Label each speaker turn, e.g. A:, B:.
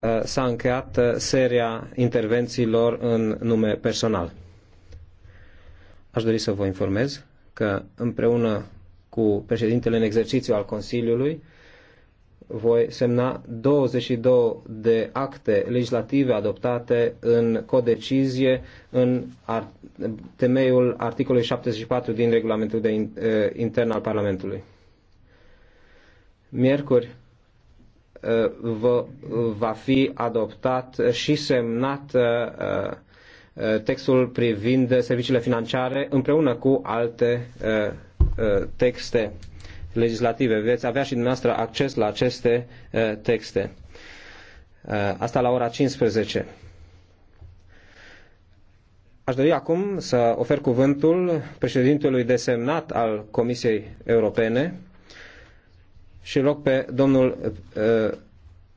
A: Uh, s-a încheiat uh, seria intervențiilor în nume personal. Aș dori să vă informez că împreună cu președintele în exercițiu al Consiliului voi semna 22 de acte legislative adoptate în codecizie în ar- temeiul articolului 74 din regulamentul de in- uh, intern al Parlamentului. Miercuri, Uh, va fi adoptat și semnat uh, uh, textul privind serviciile financiare împreună cu alte texte legislative. Veți avea și dumneavoastră acces la aceste texte. Asta la ora 15. Aș dori acum să ofer cuvântul președintelui desemnat al Comisiei Europene, și rog pe domnul uh,